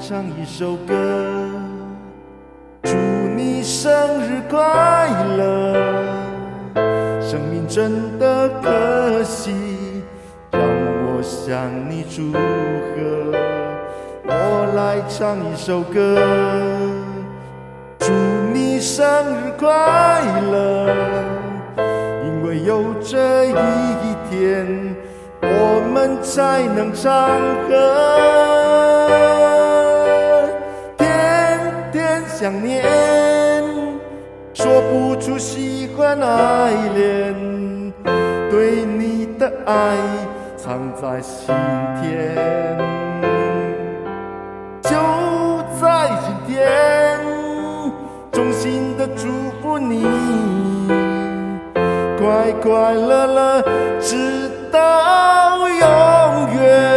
唱一首歌，祝你生日快樂！生命真的可惜，讓我向你祝賀。我來唱一首歌，祝你生日快樂！因為有這一天，我們才能唱和。年說不出喜歡愛戀，對你的愛藏在心田。就在今天，衷心的祝福你，快快樂樂直到永遠。